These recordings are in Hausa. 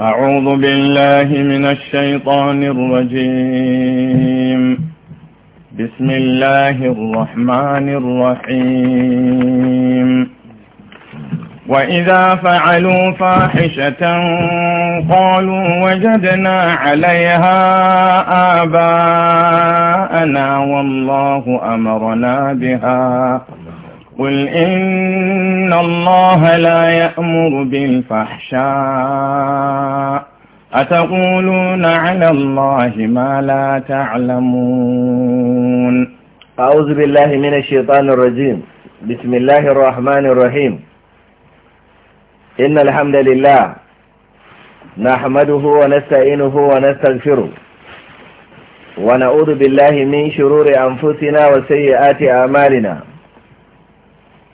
أعوذ بالله من الشيطان الرجيم بسم الله الرحمن الرحيم وإذا فعلوا فاحشة قالوا وجدنا عليها آباءنا والله أمرنا بها قل إن الله لا يأمر بالفحشاء أتقولون على الله ما لا تعلمون أعوذ بالله من الشيطان الرجيم بسم الله الرحمن الرحيم إن الحمد لله نحمده ونستعينه ونستغفره ونعوذ بالله من شرور أنفسنا وسيئات أعمالنا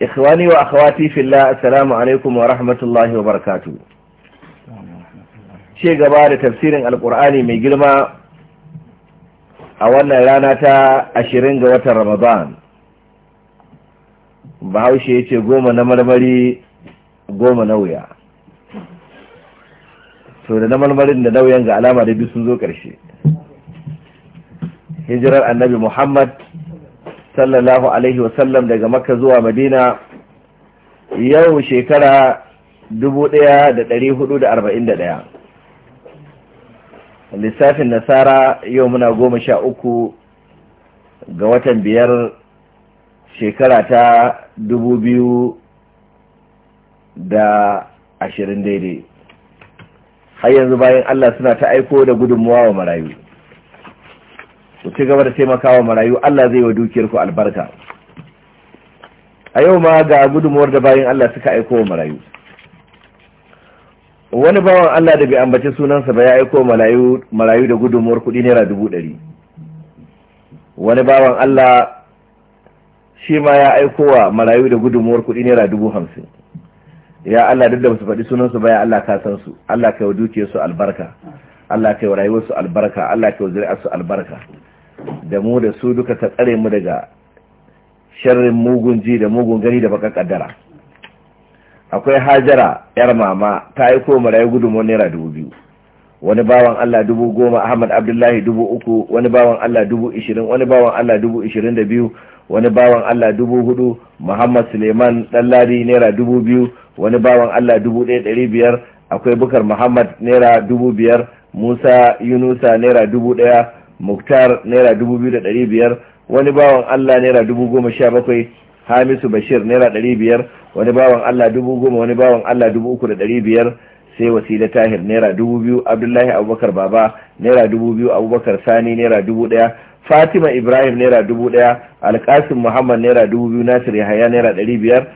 ikhwani wa akhawati fillah assalamu alaikum wa rahmatullahi wa barakatuh ce gaba da tafsirin alkur'ani mai girma a wannan rana ta ashirin ga watan ramadan bahaushe ya ce goma na marmari goma na wuya to da na marmarin da ga alama da biyu sun zo ƙarshe hijirar annabi muhammad sallallahu alaihi wasallam daga makka zuwa madina yau shekara da ɗaya. lissafin nasara yau muna goma sha uku ga watan biyar shekara ta dubu biyu da ashirin daidai har yanzu bayan allah suna ta aiko da gudunmuwa wa marayu ku ci gaba da taimakawa marayu Allah zai wa dukiyar ku albarka a yau ma ga gudunmuwar da bayin Allah suka aiko wa marayu wani bawan Allah da bai ambaci sunansa ba ya aiko marayu marayu da gudunmuwar kuɗi naira dubu ɗari wani bawan Allah shi ma ya aiko wa marayu da gudunmuwar kuɗi naira dubu hamsin ya Allah duk da ba su faɗi sunansu ba ya Allah ka san su Allah ka yi wa dukiyarsu albarka Allah ka yi wa rayuwarsu albarka Allah ka yi wa zuri'arsu albarka da mu da su duka ta tsare mu daga sharrin mugun ji da mugun gani da baka kaddara akwai hajara yar mama ta ya marayu gudunmuwar naira dubu biyu wani bawan Allah dubu goma Ahmad Abdullahi dubu uku wani bawan Allah dubu ishirin wani bawan Allah dubu ishirin da biyu wani bawan Allah dubu hudu Muhammad Suleiman Dallari naira dubu biyu wani bawan Allah dubu ɗaya ɗari biyar akwai bukar Muhammad naira dubu biyar Musa Yunusa naira dubu ɗaya muktar naira dubu biyu da ɗari biyar wani bawan allah naira dubu goma sha bakwai hamisu bashir naira ɗari biyar wani bawan allah dubu goma wani bawan allah dubu uku da ɗari biyar sai wasila tahir naira dubu biyu abdullahi abubakar baba naira dubu biyu abubakar sani naira dubu ɗaya fatima ibrahim naira dubu ɗaya alkasim muhammad naira dubu biyu nasir yahaya naira ɗari biyar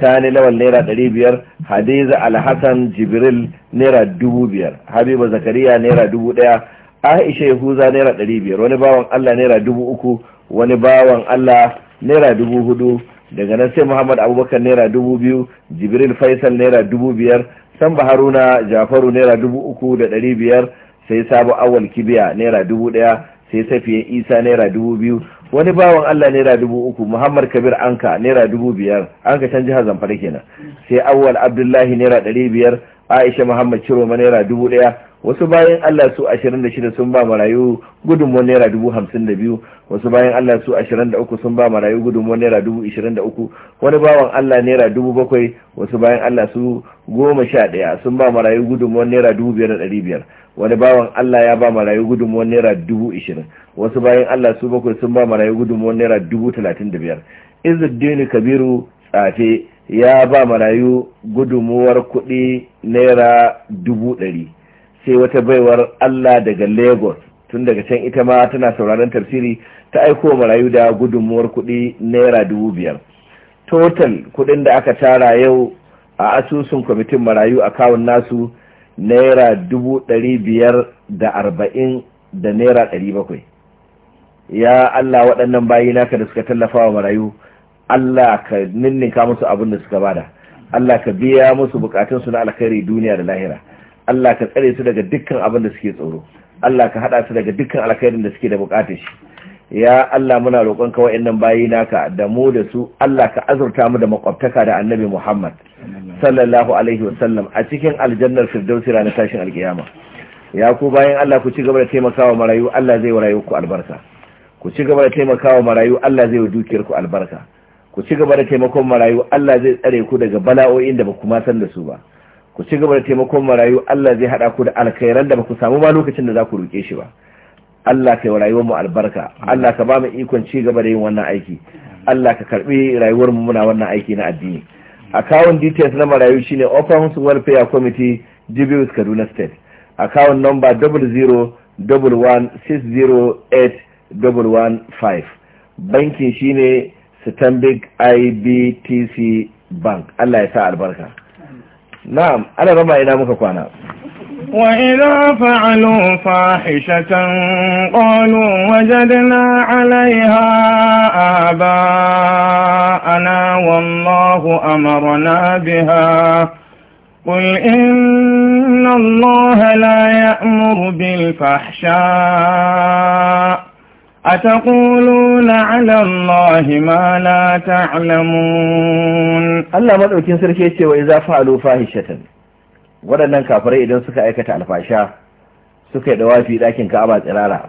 sani lawal naira ɗari biyar hadiza alhassan jibril naira dubu biyar habiba zakariya naira dubu ɗaya aisha yahuza naira ɗari biyar wani bawan allah naira dubu uku wani bawan allah naira dubu hudu daga nan sai muhammad abubakar naira dubu biyu jibril faisal naira dubu biyar samba haruna jafaru naira dubu uku da ɗari biyar sai sabo awal kibiya naira dubu ɗaya sai safiya isa naira dubu biyu wani bawan allah naira dubu uku muhammad kabir anka naira dubu biyar anka can jihar zamfara kenan sai awal abdullahi naira ɗari biyar aisha muhammad ciroma naira dubu ɗaya wasu bayan Allah su 26 sun ba marayu gudunmuwar naira 52 wasu bayan Allah su 23 sun ba marayu gudunmuwar naira 23 wani bawan Allah naira 7,000 wasu bayan Allah su 11 sun ba marayu gudunmuwar naira 5,500 wani bawan Allah ya ba marayu gudunmuwar naira 20,000 wasu bayan Allah su 7 sun ba marayu gudunmuwar naira 35,000 dini kabiru tsafe ya ba marayu gudunmuwar kuɗi naira ɗari sai wata baiwar Allah daga Lagos tun daga can ita ma tana sauraron tafsiri ta aiko marayu da gudunmuwar kuɗi naira dubu biyar total kuɗin da aka tara yau a asusun kwamitin marayu a kawun nasu naira dubu ɗari biyar da arba'in da naira ɗari bakwai ya Allah waɗannan bayi naka da suka tallafa wa marayu Allah ka ninninka musu abin da suka bada Allah ka biya musu bukatunsu na alkhairi duniya da lahira Allah ka tsare su daga dukkan abin da suke tsoro Allah ka hada su daga dukkan alkhairin da suke da bukatar shi ya Allah muna roƙon ka wayannan bayi naka da mu da su Allah ka azurta mu da makwabtaka da Annabi Muhammad sallallahu alaihi wasallam a cikin aljannar firdausi ranar tashin alkiyama ya ku bayan Allah ku ci gaba da taimakawa marayu Allah zai wa ku albarka ku ci gaba da taimakawa marayu Allah zai dukiyar ku albarka ku ci gaba da taimakon marayu Allah zai tsare ku daga bala'o'in da ba ku ma san da su ba ku ci gaba da taimakon marayu Allah zai haɗa ku da alkhairan da ba ku samu ba lokacin da za ku ruke shi ba Allah ka yi rayuwar mu albarka Allah ka ba mu ikon ci gaba da yin wannan aiki Allah ka karbi rayuwar mu muna wannan aiki na addini account details na marayu shine open Welfare Committee Dubious Kaduna State account number 0011608115 banki shine Stanbic IBTC Bank Allah ya sa albarka نعم أنا بما إلى muka وإذا فعلوا فاحشة قالوا وجدنا عليها آباءنا والله أمرنا بها قل إن الله لا يأمر بالفحشاء أتقولون على الله ما لا تعلمون الله مدعوكين سركيتي وإذا فعلوا فاهشة waɗannan kafirai idan suka aikata alfasha suka yi dawafi ɗakin ka'aba tsirara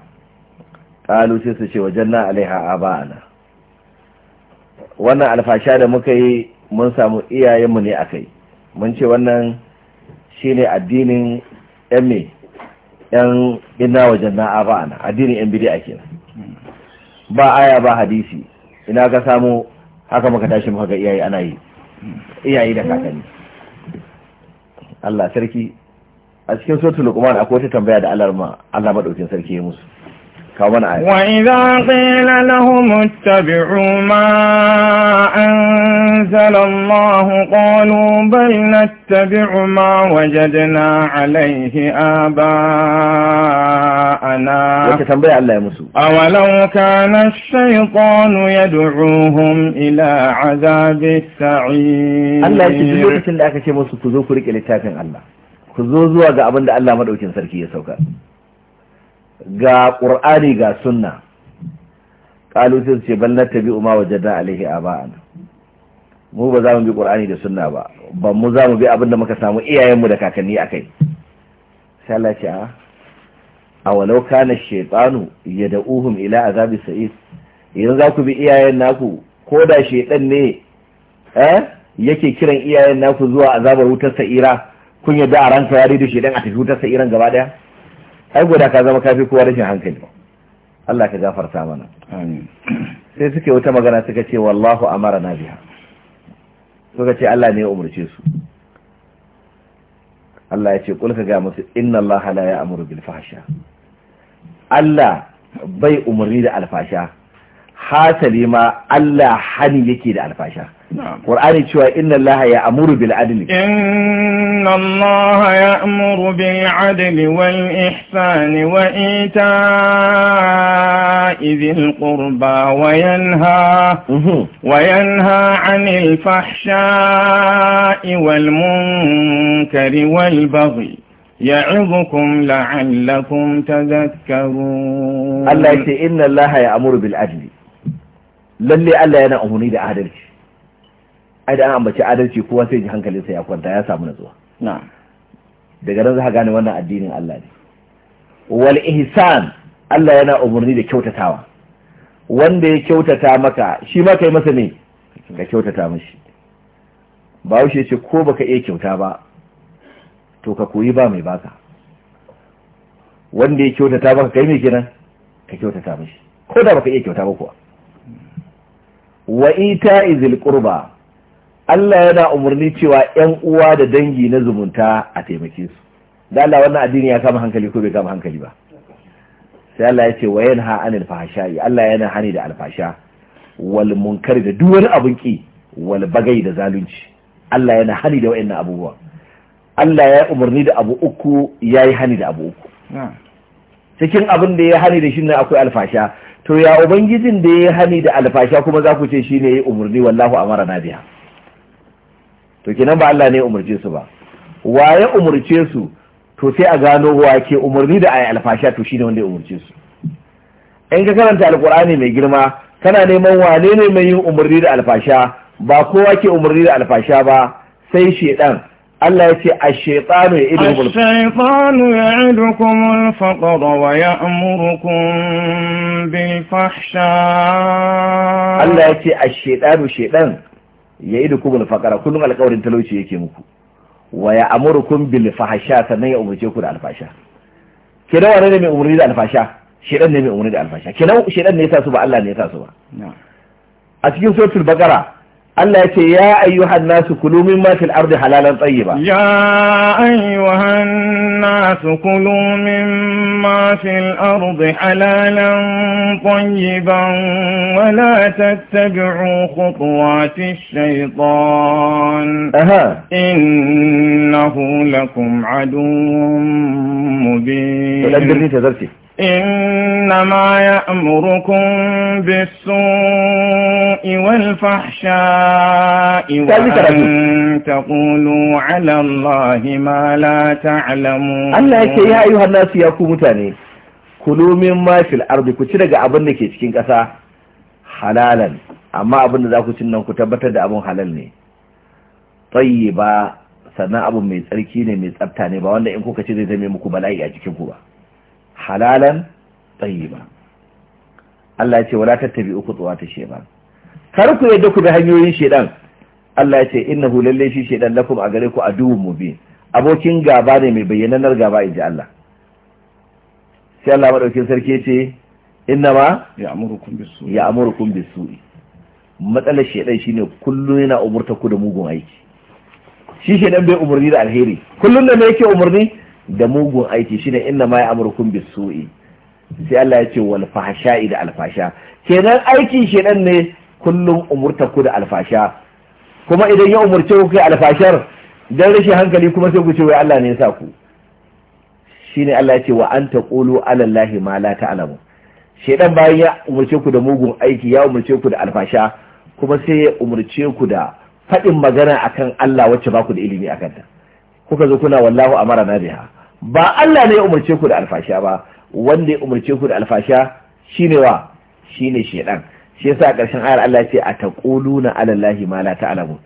ƙalu sai su ce wa janna alaiha aba'ana wannan alfasha da muka yi mun samu iyayenmu ne a kai mun ce wannan shi ne addinin yan me yan inna wa janna aba'ana addinin yan bidi a kenan ba aya ba hadisi ina ka samu haka muka tashi muka ga iyaye ana yi iyaye da kakanni Allah sarki a cikin sotu luqman akwai wata tambaya da Allah ma Allah madaukin sarki ya musu kawon aya. wa iza ƙila lahum tabi'u ma anzala Allahu qalu bal nattabi'u ma wajadna alayhi aba'ana wace tambaya Allah ya musu awalau kana ash-shaytan yad'uhum ila azabi sa'ir Allah yake duk lokacin da aka ce musu ku zo ku rike littafin Allah ku zo zuwa ga abin da Allah madaukin sarki ya sauka ga ƙur'ani ga sunna ƙalu sai su ce bal nattabi'u ma wajadna alaihi aba'ana mu ba za mu bi ƙur'ani da sunna ba ba mu za mu bi abin da muka samu iyayenmu da kakanni a kai sai Allah ce a ah, awalau kana shaytanu yad'uhum ila azabi sa'id idan za ku bi iyayen naku ko da shaytan ne eh yake kiran iyayen naku zuwa azabar wutar sa'ira kun yadda a ranka ya da shaytan a tafi wutar sa'iran gaba daya ai guda ka zama kafi kowa rashin hankali Allah ka gafarta mana sai suke wata magana suka ce wallahu amara na biha suka ce Allah ne ya umarce su Allah ya ce kulka ga musu inna Allah la ya amuru bil fahsha Allah bai umarni da alfasha hasali ma Allah hani yake da alfasha Qur'ani cewa inna Allah ya amuru bil adli inna Allah ya amuru bil adli wal ihsani wa ita'i dhil qurba wa yanha wa yanha 'anil fahsha'i wal munkari wal baghi يعظكم لعلكم تذكرون الله يقول إن الله يأمر بالعدل lalle Allah yana umarni da adalci ai da an ambaci adalci kowa sai ji hankalinsa ya kwanta ya samu natsuwa daga nan za ka gane wannan addinin Allah ne wal ihsan Allah yana umarni da kyautatawa wanda ya kyautata maka shi ma kai masa ne ka kyautata mashi ba wuce ce ko baka iya kyauta ba to ka koyi ba mai baka wanda ya kyautata maka kai mai kenan ka kyautata mashi ko da baka iya kyauta ba kuwa wa ita izil qurba Allah yana umarni cewa ƴan uwa da dangi na zumunta a taimake su da Allah wannan addini ya kama hankali ko bai kama hankali ba sai Allah ya ce wa yanha anil fahsha'i Allah yana hani da alfasha wal munkari da duk wani abin ki wal bagai da zalunci Allah yana hani da wayannan abubuwa Allah ya umarni da abu uku yayi hani da abu uku cikin abin da ya hani da shi ne akwai alfasha to ya ubangijin da ya hani da alfasha kuma za ku ce shi ne ya umarni wallahu amara na biya to kenan ba Allah ne ya umarce su ba wa ya umarce su to sai a gano wa ke umarni da ayi alfasha to shi ne wanda ya umarce su in ka karanta alkur'ani mai girma kana neman wane ne mai yin umarni da alfasha ba kowa ke umarni da alfasha ba sai shedan Allah ya ce a shaitanu ya idu kuma a shaitanu ya idu kuma alfaɗaɗa wa ya amurukun bin fahsha Allah ya ce a shaitanu shaitan ya idu kuma alfaɗaɗa kullum alƙawarin talauci yake muku wa ya amurukun bin fahsha sannan ya umarce ku da alfasha kenan wane ne mai umarni da alfasha shaitan ne mai umarni da alfasha kenan shaitan ne ya sa su ba Allah ne ya sa su ba a cikin suratul baqara الله يتي يا أيها الناس كلوا مما في الأرض حلالا طيبا يا أيها الناس كلوا مما في الأرض حلالا طيبا ولا تتبعوا خطوات الشيطان أها إنه لكم عدو مبين تقدرني تذرتي إنما يأمركم بالسوء والفحشاء وأن تقولوا على الله ما لا تعلمون الله يكي يا أيها الناس يكو متاني كلوا مما في الأرض كترق أبنك يتكين كسا حلالا أما أبن ذاكو سنن كتبت أبن حلالني طيبا sannan abu mai tsarki ne mai tsabta ne ba wanda in kuka ce zai zame muku bala'i a jikin ku ba halalan tayyiba Allah ya ce wala tattabi uku tattabi'u ta sheba. kar ku yadda ku bi hanyoyin shaytan Allah ya ce innahu lalle shi shaytan lakum a gare ku aduwwun mubin abokin gaba ne mai bayyananar gaba inji Allah sai Allah madaukin sarki ce inna ma ya'murukum bis-su'i ya'murukum bis matsalar shaytan shine kullun yana umurta ku da mugun aiki shi shaytan bai umurni da alheri kullun da me yake umurni da mugun aiki shine inna ma ya'murukum bis-su'i sai Allah ya ce wal fahsha'i da alfasha kenan shi dan ne kullum umurta ku da alfasha kuma idan ya umurce ku kai alfashar dan rashi hankali kuma sai ku ce wai Allah ne ya sa ku shine Allah ya ce wa anta qulu ala llahi ma la ta'lamu shedan bayan ya umurce ku da mugun aiki ya umurce ku da alfasha kuma sai ya umurce ku da faɗin magana akan Allah wacce ba ku da ilimi akan ta kuka zo kuna wallahu amara na biha ba Allah ne ya umarce ku da alfasha ba wanda ya umarce ku da alfasha shine wa shine shedan shi yasa karshen ayar Allah ce a na ala Allahi ma la ta'lamun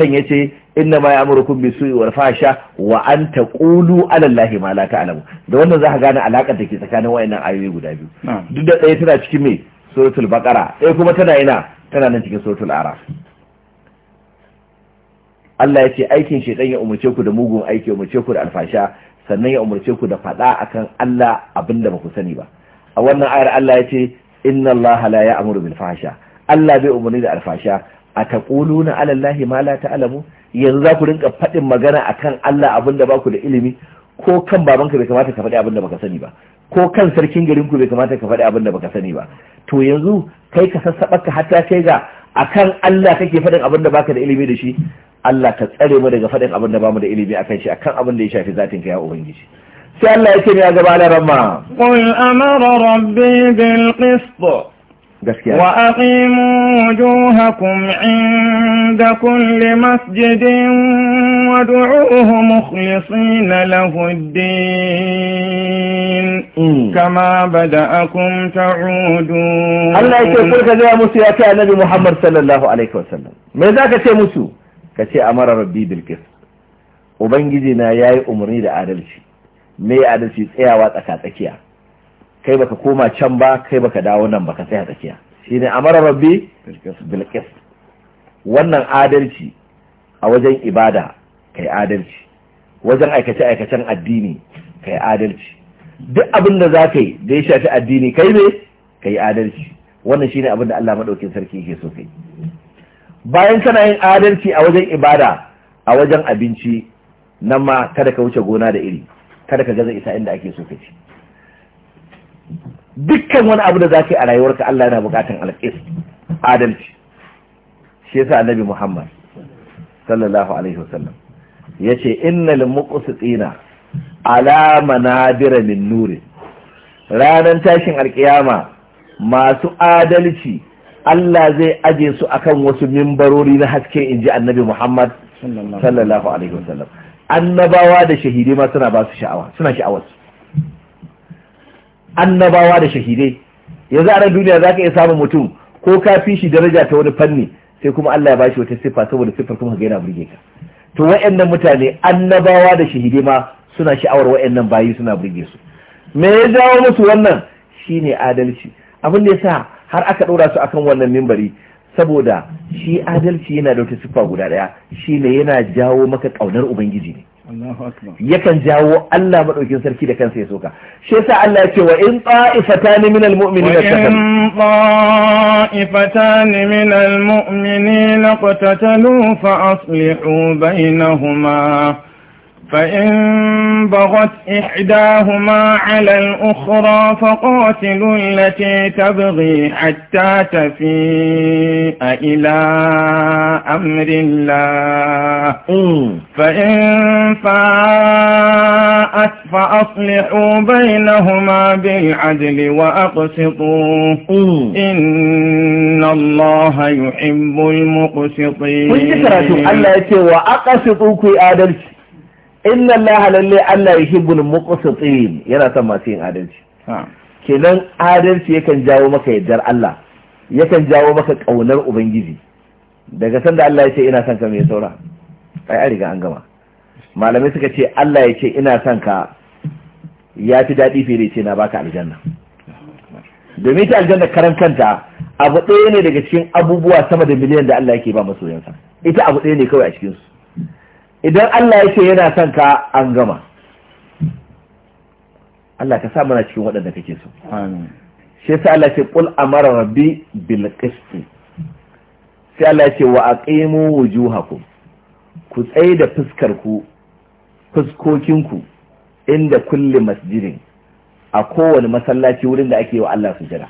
can yace inna ma ya'murukum bisu'i wal fahsha wa an taqulu ala Allahi ma la ta'lamun da wannan zaka gane alakar da ke tsakanin wayannan ayoyi guda biyu duk da ɗaya tana cikin me suratul baqara ɗaya kuma tana ina tana nan cikin suratul araf Allah ya ce aikin shaitan ya umarce ku da mugun aiki ya umarce ku da alfasha sannan ya umarce ku da faɗa akan Allah abin da ba ku sani ba a wannan ayar Allah ya ce inna Allah la amuru bil fahsha Allah bai umarni da alfasha a taquluna ala Allah ma la ta'lamu yanzu za ku rinka faɗin magana akan Allah abin da ba ku da ilimi ko kan babanka bai kamata ka faɗi abin da baka sani ba ko kan sarkin garin ku bai kamata ka faɗi abin da baka sani ba to yanzu kai ka sassaɓa ka hatta kai ga akan Allah kake faɗin abin da baka da ilimi da shi Allah ka tsare mu daga faɗin abin da bamu da ilimi akan shi akan abin da ya shafi zatin ka ya ubangiji sai Allah yake ce ya gaba da ramma qul amara rabbi bil qist gaskiya wa aqimu wujuhakum inda kulli masjidin wad'uuhu mukhlisina lahu ad-din hmm. kama bada'akum ta'udun Allah yake kulka ga musu ya ta annabi Muhammad sallallahu alaihi wasallam me zaka ce musu ka ce a mara rabbi bilkis ubangiji na ya yi umarni da adalci me adalci tsayawa tsaka tsakiya kai baka koma can ba kai baka dawo nan baka tsaya tsakiya shine amara rabbi bilkis wannan adalci a wajen ibada kai adalci wajen aikace aikacen addini kai adalci duk abin da za ka yi da ya shafi addini kai ne kai adalci wannan shine abin da Allah maɗaukin sarki yake so kai bayan kana yin adalci a wajen ibada a wajen abinci nan ma kada ka wuce gona da iri kada ka gaza isa inda ake so ka ci dukkan wani abu da za ka yi a rayuwarka Allah yana bukatan alƙis adalci shi yasa annabi Muhammad sallallahu alaihi wasallam yace innal muqsitina ala manabira min nuri ranan tashin alkiyama masu adalci Allah zai aje su akan wasu mimbarori na haske in ji annabi Muhammad sallallahu alaihi wasallam annabawa da shahidai ma suna ba su sha'awa suna sha'awar annabawa da shahidai yanzu a duniya zaka iya samun mutum ko ka fi shi daraja ta wani fanni sai kuma Allah ya bashi wata siffa saboda siffar kuma ga yana burge ka to wayannan mutane annabawa da shahidai ma suna sha'awar wayannan bayi suna burge su me ya jawo musu wannan shine adalci abin da yasa har aka ɗora su akan wannan mimbari saboda shi adalci yana da siffa guda ɗaya shi ne yana jawo maka ƙaunar ubangiji ne yakan jawo Allah madaukin sarki da kansa ya soka shi yasa Allah ya ce wa in ta'ifatan min almu'minina qatatalu ta'ifatan min almu'minina qatatalu fa aslihu bainahuma فإن بغت إحداهما على الأخرى فقاتلوا التي تبغي حتى تفيء إلى أمر الله فإن فاءت فأصلحوا بينهما بالعدل وأقسطوا إن الله يحب المقسطين. وإن كراتوا أن لا يتوى أقسطوا كي inna Allah lalle Allah yuhibbul muqsitin yana son masu yin adalci kenan adalci yakan jawo maka yardar Allah yakan jawo maka kaunar ubangiji daga sanda Allah ya ce ina son ka mai saura ai an riga an gama malamai suka ce Allah ya ce ina son ka ya fi daɗi fiye ce na baka aljanna domin ta aljanna karan kanta abu ɗaya ne daga cikin abubuwa sama da miliyan da Allah yake ba masoyansa ita abu ɗaya ne kawai a cikinsu idan Allah yake yana son ka an gama Allah ka sa mana cikin waɗanda kake so shi Sai Allah ce qul amara rabbi bil qist sai Allah ce wa aqimu wujuhakum ku tsaye da fuskar ku fuskokin ku inda kulli masjidin a kowane masallaci wurin da ake wa Allah sujada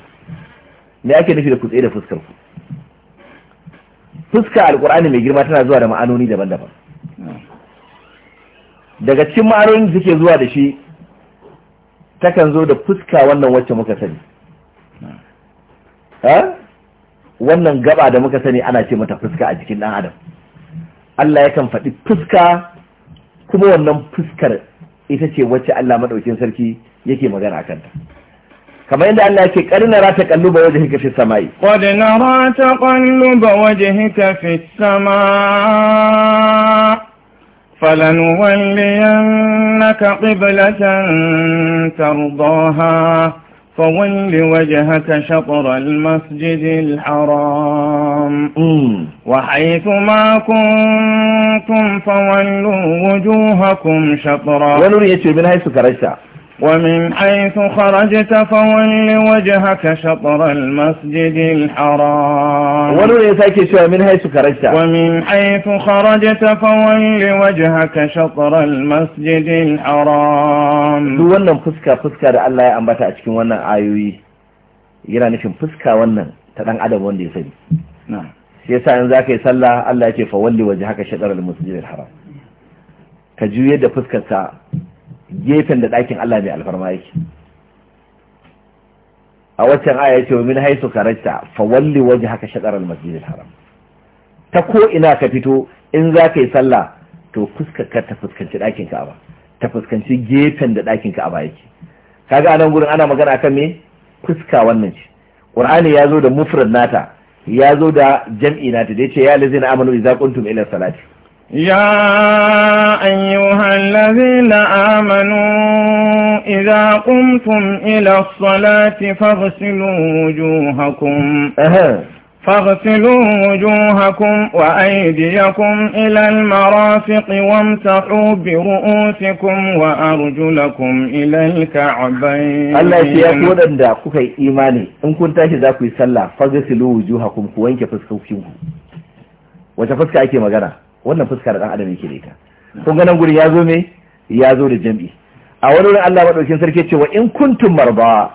me ake nufi da ku tsaye da fuskar ku fuska alqur'ani mai girma tana zuwa da ma'anoni daban-daban daga cikin ma'arin da suke zuwa da shi takan zo da fuska wannan wacce muka sani wannan gaba da muka sani ana ce mata fuska a jikin ɗan adam Allah ya kan faɗi fuska kuma wannan fuskar ita ce wacce Allah maɗaukin sarki yake magana a kanta كما يقول أن لك قلنا نرى تقلب وجهك في السماء قد نرى تقلب وجهك في السماء فلنولينك قبلة ترضاها فول وجهك شطر المسجد الحرام وحيث ما كنتم فولوا وجوهكم شطرا ونريد يتشير من هاي سكر ومن حيث خرجت فول وجهك شطر المسجد الحرام ومن حيث خرجت ومن حيث خرجت فول وجهك شطر المسجد الحرام duk wannan fuska fuska da Allah ya ambata a cikin wannan ayoyi yana nufin fuska wannan ta dan adam wanda ya sani yasa in zaka yi sallah Allah ya ce fa walli wajhaka shatr al-masjid haram ka juye da fuskar gefen da ɗakin Allah mai alfarma yake a waccan aya ce min haisu karanta fa walli waje haka shaɗar al haram ta ko ina ka fito in za ka yi sallah to fuskarka ta fuskanci ɗakin ka'aba ta fuskanci gefen da ɗakin ka'aba yake kaga anan gurin ana magana akan me fuska wannan ce qur'ani ya zo da mufrad nata ya zo da jam'i nata da yace ya lazina amanu idza kuntum ila salati يا أيها الذين آمنوا إذا قمتم إلى الصلاة فاغسلوا وجوهكم فاغسلوا وجوهكم وأيديكم إلى المرافق وامسحوا برؤوسكم وأرجلكم إلى الكعبين الله يقول أن دعكوك إيماني إن كنت ذاك يسلى فاغسلوا وجوهكم كوينك فاسكوكيوه وشفتك أيكي مغانا wannan da dan adam yake da ita kun ga nan guri ya zo me ya zo da jam'i a wani wurin Allah madaukin sarki ce wa in kuntum marba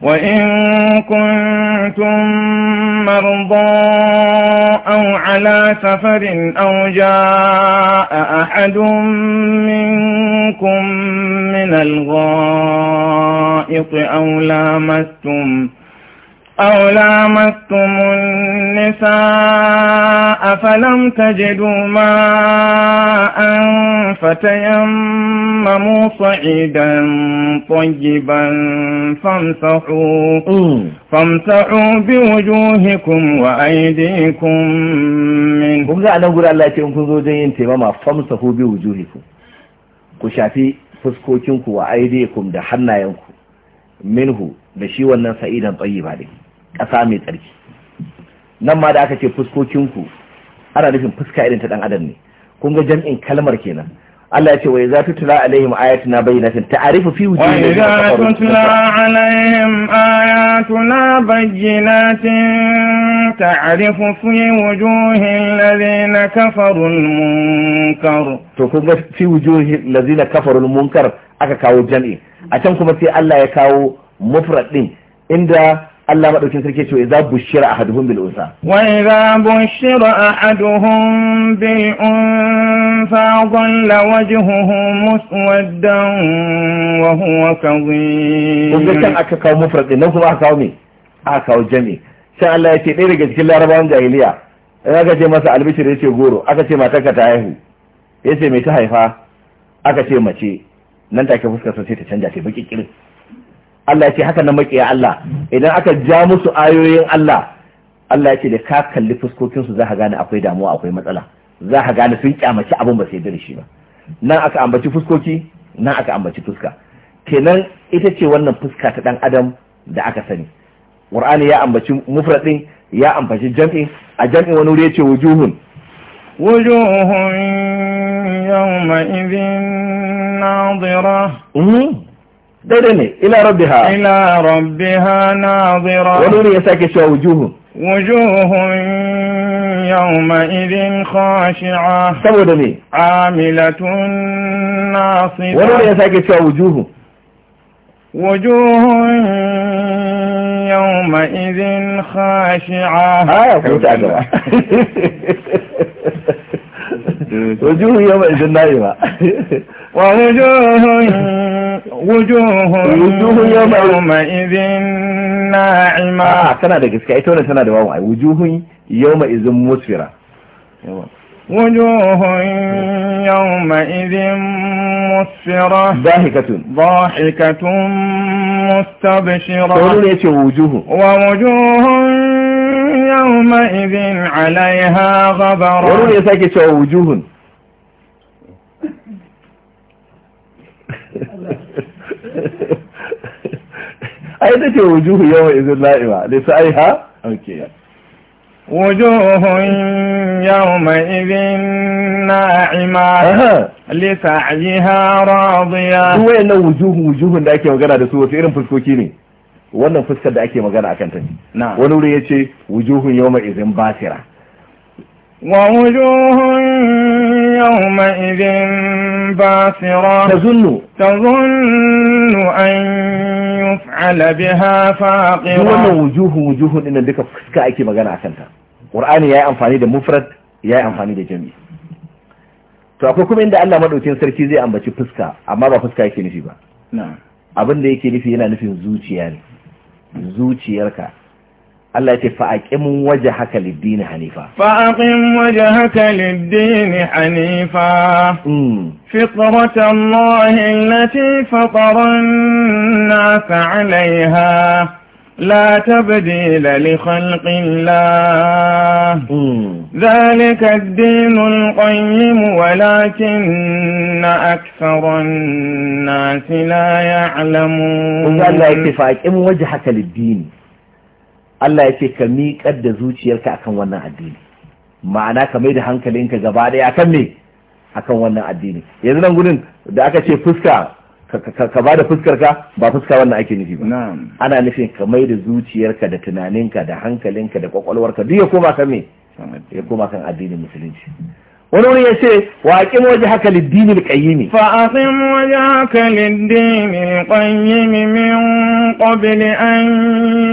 wa in kuntum marba aw ala safarin aw jaa ahadun minkum min al-ghaiq aw lamastum أو لامستم النساء فلم تجدوا ماء فتيمموا صعيدا طيبا فامسحوا, فامسحوا بوجوهكم وأيديكم منه هم ذا نقول الله يتعلم كنزو جين تماما فامسحوا بوجوهكم كشافي فسكوكم وأيديكم دحنا ينكم منه da shi wannan sa'idan tsayi ƙasa mai tsarki nan ma da aka ce fuskokinku ana nufin fuska irin ta ɗan adam ne kun ga jam'in kalmar kenan Allah ya ce wa idza tutla alaihim ayatuna bayyinatin ta'rifu fi wujuhihim wa idza tutla alaihim ayatuna bayyinatin ta'rifu fi wujuhil ladina kafaru al-munkar to kun ga fi wujuhil ladina kafaru al-munkar aka kawo jam'i a can kuma sai Allah ya kawo mufrad din inda Allah maɗaukin sarki ce idza bushira ahaduhum bil unsa wa idza bushira ahaduhum bil unsa dhalla wajhuhu muswaddan wa huwa kadhib kun san aka kawo mufrad nan kuma aka kawo me aka kawo jami sai Allah ya ce ɗaya daga cikin larabawan jahiliya ya ga ce masa albishir ya ce goro aka ce ka ta haihu ya ce mai ta haifa aka ce mace nan take fuskar sai ta canja ta baki kirin Allah ya ce haka na maƙiya Allah idan aka ja musu ayoyin Allah Allah ya ce da ka kalli fuskokinsu za ka gane akwai damuwa akwai matsala za ka gane sun kyamaci abin ba sai da shi ba nan aka ambaci fuskoki nan aka ambaci fuska kenan ita ce wannan fuska ta dan adam da aka sani qur'ani ya ambaci mufrad ya ambaci jam'i a jam'i wani wuri yace wujuhun wujuhun yawma idhin nadira mhm. دلني إلى ربها إلى ربها ناظرة ونوري يساكش وجوه وجوه يومئذ خاشعة سمودني عاملة ناصرة ونوري يساكش وجوه وجوه يومئذ خاشعة ها آه، wojú yọ bẹ̀ ṣe náyì ah, da gaskiya ita wani tana da wawa wojú yọ bẹ̀ ṣe وجوه يومئذ مسفرة ضاحكة ضاحكة مستبشرة وجوه ووجوه يومئذ عليها غبرة وجوه ai da ce wujuhu yawan izin la'ima da su ai ha? ok وجوه يومئذ ناعمة لسعيها راضية وين وجوه وجوه da ake magana da su wasu irin fuskoki ne wannan fuskar da ake magana akan ta wani wuri yace wujuhun yawma idhin basira wa wujuhun yawma idhin basira tazunnu tazunnu an yuf'ala biha faqira wannan wujuhu wujuhu din duka fuska ake magana akan ta qur'ani yayi amfani da mufrad yayi amfani da jami to akwai kuma inda Allah madaukin sarki zai ambaci fuska amma ba fuska yake nufi ba abin da yake nufi yana nufin zuciya ne zuciyarka Allah ya ce fa'aƙimin waje haka liddini hanifa. Fa'aƙin waje haka liddini hanifa, fitratan Allahin lati faƙaron nasa alaiha, la tabdila li khalqin la, zalika dinul qayyim walakin na aksaron nasi la ya'lamun. Allah ya ce fa'aƙin waje haka liddini. Allah ya ce ka miƙar da zuciyarka akan wannan addini ma'ana ka mai da hankalinka gaba ɗaya akan me akan wannan addini yanzu nan gudun da aka ce fuska ka ba da fuskar ka ba fuska wannan ake nufi ba ana nufin ka mai da zuciyarka da tunaninka da hankalinka da kwakwalwarka duk ya koma kan me ya koma kan addinin musulunci wani wani ya ce waƙin waje haka liddini alƙayyimi fa'aƙin waje haka liddini alƙayyimi min ƙobili an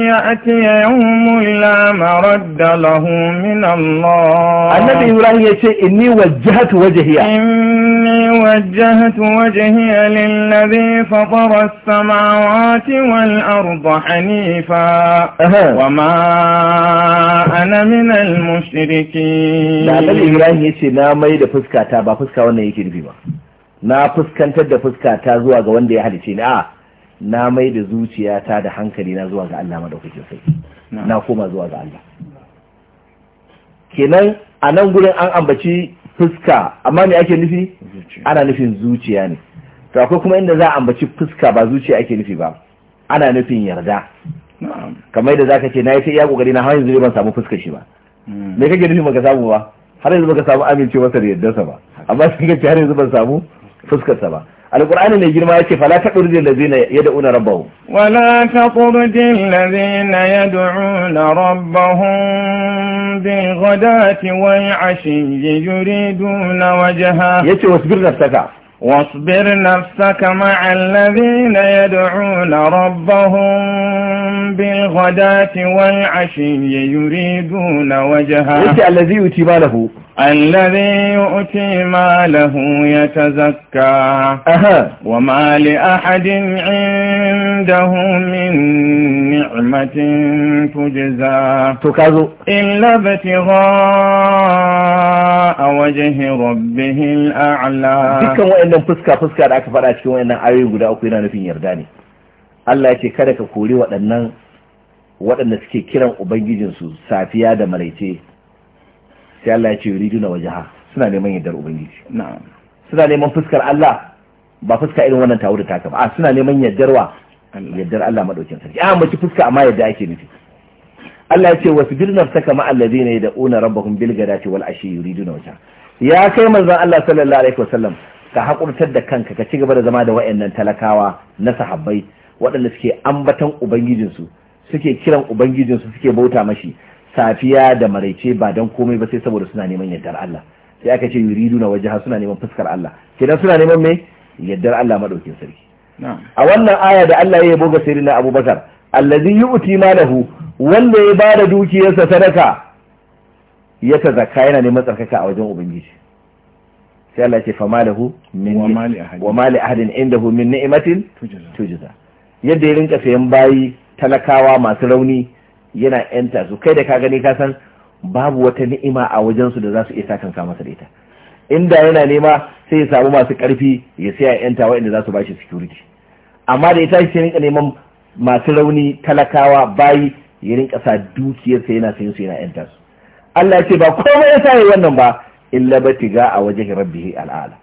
ya ake yawon lamarar da lahu min Allah annabi ibrahim ya ce inni wajahatu wajhiya وجهت وجهي للذي فطر السماوات والأرض حنيفا وما أنا من المشركين لا بل إبراهيم يسي نامي دفسكا تابا فسكا وانا يكي نبيما na fuskantar da fuska zuwa ga wanda ya halice ni a na mai da zuciyata da hankali na zuwa ga Allah madaukakin sarki na koma zuwa ga Allah kenan a nan gurin an ambaci fuska amma me ake nufi ana nufin zuciya ne to akwai kuma inda za a ambaci fuska ba zuciya ake nufi ba ana nufin yarda kamar yadda zaka ce na yi ya kokari na har yanzu ban samu fuska shi ba hmm. me kake nufi baka samu ba har yanzu baka samu sa da yardarsa ba amma sai kace har yanzu ban samu fuskar sa ba alqur'ani ne girma yace fala taqrudil ladina yad'una rabbahum ya taqrudil ladina yad'una rabbahum bil ghadati wal ashi yuriduna wajha yace wasbir واصبر نفسك مع الذين يدعون ربهم بالغداة والعشي يريدون وجهه الذي الذي يؤتي ماله يتزكى وما لأحد عنده من نعمة تجزى إلا ابتغاء وجه ربه الأعلى dukkan wayannan fuska fuska da aka faɗa cikin wayannan ayoyi guda uku yana nufin yarda ne Allah ya ce kada ka kori waɗannan waɗanda suke kiran ubangijinsu safiya da maraice sai Allah ya ce yuriduna wajha suna neman yardar ubangiji na'am suna neman fuskar Allah ba fuska irin wannan tawo da taka ba a suna neman wa yardar Allah madaukin sarki a mace fuska amma yadda ake nufi Allah ya ce wasbir nafsaka ma alladhina yad'una rabbahum bil ghadati wal ashi yuriduna wajha ya kai manzon Allah sallallahu alaihi wasallam ka hakurtar da kanka ka ci gaba da zama da wayannan talakawa na sahabbai waɗanda suke ambatan ubangijinsu suke kiran ubangijinsu suke bauta mashi safiya da maraice ba don komai ba sai saboda suna neman yaddar Allah sai aka ce yuriduna wajha suna neman fuskar Allah kenan suna neman me yaddar Allah madaukin sarki a wannan aya da Allah ya yabo ga Abu Abubakar allazi yu'ti malahu wanda ya bada dukiyarsa sadaka ya ta zakka yana neman tsarkaka a wajen ubangiji sai Allah ya ce fa malahu min wa mali ahadin indahu min ni'matin tujza yadda ya rinka sayan bayi talakawa masu rauni yana yanta su kai da ka gani ka san babu wata ni'ima a wajensu da za su iya sakanka masa da ita inda yana nema sai ya samu masu karfi ya sai ya yanta waɗanda za su ba shi security amma da ya tashi sai rinka neman masu rauni talakawa bayi ya rinka sa dukiyarsa yana sayin su yana yanta su Allah ya ce ba komai ya sa wannan ba illa batiga a wajen rabbihi al'ala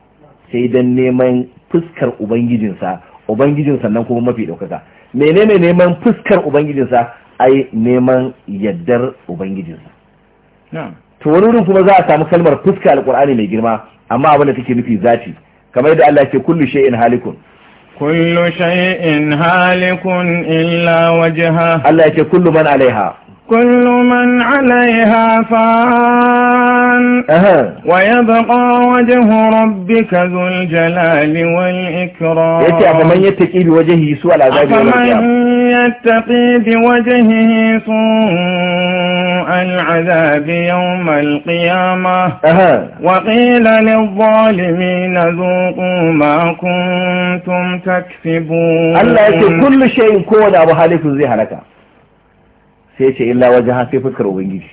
sai dan neman fuskar ubangijinsa ubangijinsa nan kuma mafi ɗaukaka menene neman fuskar ubangijinsa ai neman yaddar ubangijinsa to wani wurin kuma za a samu kalmar fuska alqur'ani mai girma amma abin da take nufi zati kamar yadda Allah ya kullu shay'in halikun kullu shay'in halikun illa wajha Allah ya ce kullu man alaiha kullu man alaiha fa حسنا ويبقى وجه ربك ذو الجلال والإكرام يتي أفمن يتقي بوجهه سوء العذاب يوم القيامة يتقي بوجهه سوء العذاب يوم القيامة وقيل للظالمين ذوقوا ما كنتم تكسبون الله يتي كل شيء كون أبو حالك زي هلكا sai ce illa waje ha sai fuskar ubangiji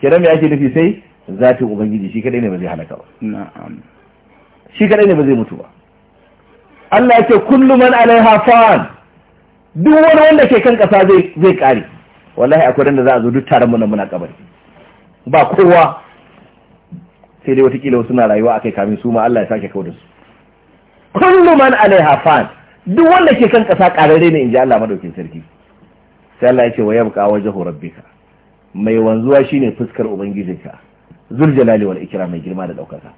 kira me ake nufi sai zatin ubangiji shi kadai ne ba zai halaka ba shi kadai ne ba zai mutu ba Allah ya ce kullu man alaiha fan duk wani wanda ke kan kasa zai zai kare wallahi akwai ran da za a zo duk tare mu nan muna kabari ba kowa sai dai watakila wasu na rayuwa akai kamin su ma Allah ya sake kawo da su kullu man alaiha fan duk wanda ke kan kasa kararre ne inji Allah madaukin sarki sai Allah ya ce wa yabqa wajhu rabbika mai wanzuwa shine fuskar ubangijinka zul jalali wal ikram mai girma da daukaka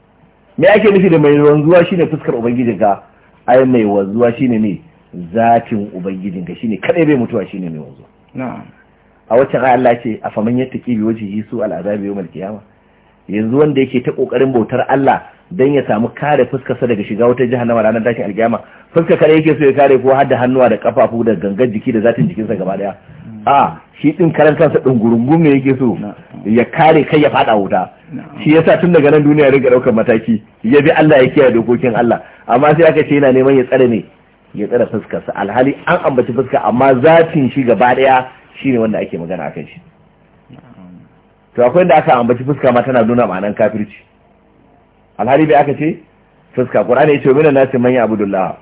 me ake nufi da mai wanzuwa shine fuskar ubangijinka ai mai wanzuwa shine ne zatin ubangijinka shine kadai bai mutuwa shine mai wanzuwa na'am a wacce ga Allah ce a faman yattaqi bi wajhihi su al azabi yawm al yanzu wanda yake ta kokarin bautar Allah dan ya samu kare fuskarsa daga shiga wata jahannama ranar al qiyama fuskar kare yake so ya kare ko har da hannuwa da kafafu da gangan jiki da zatin jikinsa gaba daya a shi din sa din gurungun me yake so ya kare kai ya fada wuta shi yasa tun daga nan duniya rinka daukar mataki ya bi Allah ya kiyaye dokokin Allah amma sai aka ce yana neman ya tsare ne ya tsare sa alhali an ambaci fuska amma zatin shi gaba daya shine wanda ake magana akan shi to akwai da aka ambaci fuska ma tana nuna ma'anan kafirci alhali bai aka ce fuska qur'ani ya ce minan nasi man abudullah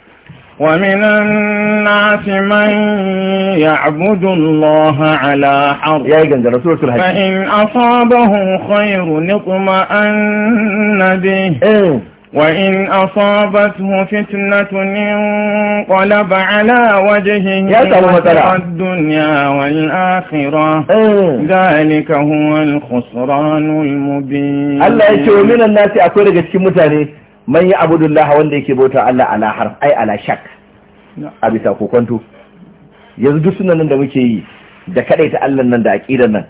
ومن الناس من يعبد الله على حرف فإن أصابه خير اطمأن به وإن أصابته فتنة انقلب على وجهه خسر الدنيا والآخرة ذلك هو الخسران المبين الله يشوف من الناس أقول لك متاني man yi abudullah wanda yake bauta Allah ala harf ai ala shak a bisa kokonto yanzu duk sunan nan da muke yi da kadaita Allah nan da aqidan nan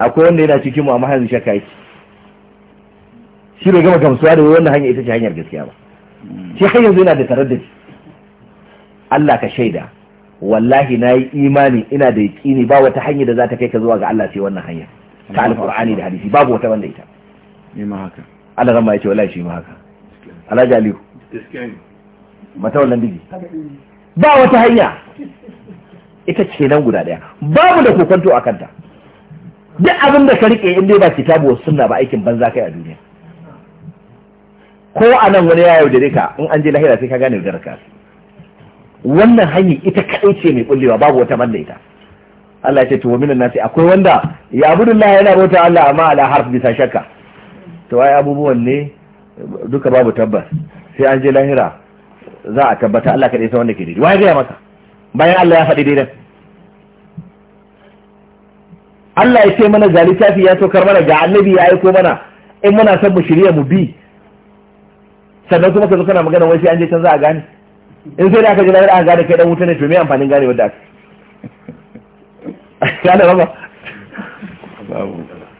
akwai wanda yana cikin mu amma hanzu shakka yake shi bai gama gamsuwa da wannan hanya ita ce hanyar gaskiya ba shi har yanzu yana da taraddadi Allah ka shaida wallahi na yi imani ina da yaqini ba wata hanya da za ta kai ka zuwa ga Allah sai wannan hanya ta alqur'ani da hadisi babu wata wanda ita ne ma haka Allah ya ce wallahi shi ma haka alhaji aliyu wannan digi ba wata hanya ita ce nan guda daya babu da kokonto a kanta duk abin da ka rike in dai ba kitabu wasu sunna ba aikin banza kai a duniya ko a nan wani ya da ka in an je lahira sai ka gane da ka wannan hanyar ita kaɗai ce mai kullewa babu wata man ita Allah ce to wa minan nasi akwai wanda ya abudullahi yana bauta Allah amma ala harf bisa shakka to ai abubuwan ne duka babu tabbas sai an je lahira za a tabbata Allah kaɗai san wanda ke daidai waye gaya maka bayan Allah ya faɗi daidai. Allah ya ce mana ga littafi ya tokar mana ga annabi ya aiko mana in muna son mu shirya mu bi sannan kuma ka kana magana wai sai an je can za a gane in sai da aka ji lahira an gane kai dan wuta ne to me amfanin gane wanda aka kana raba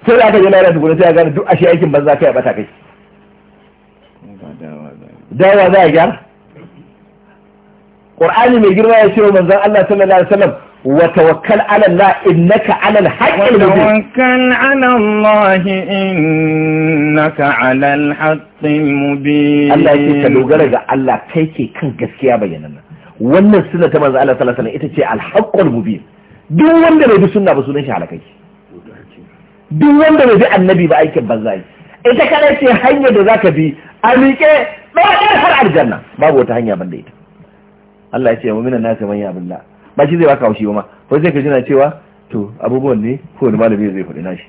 sai da aka ji lahira tukuna sai a gane duk ashe aikin banza kai a bata kai dawa za a gyara ƙur'ani mai girma ya ce wa Manzan Allah sallallahu alaihi wasallam wa tawakkal ala Allah innaka ala al-haqqil mubin tawakkal ala Allah innaka ala al-haqqil mubin Allah yake ka dogara ga Allah kai ke kan gaskiya bayanan wannan suna ta Manzan Allah sallallahu alaihi wasallam ita ce al-haqqil mubin duk wanda bai bi suna ba sunan shi halakai duk wanda bai bi annabi ba aikin banzai ita kana ce hanyar da zaka bi a miƙe ɗaya ɗaya har aljanna babu wata hanya banda ita Allah ya ce wa minan nasi man ya billah ba shi zai baka haushi ba ma ko sai ka jina cewa to abubuwan ne ko wani malami zai faɗi nashi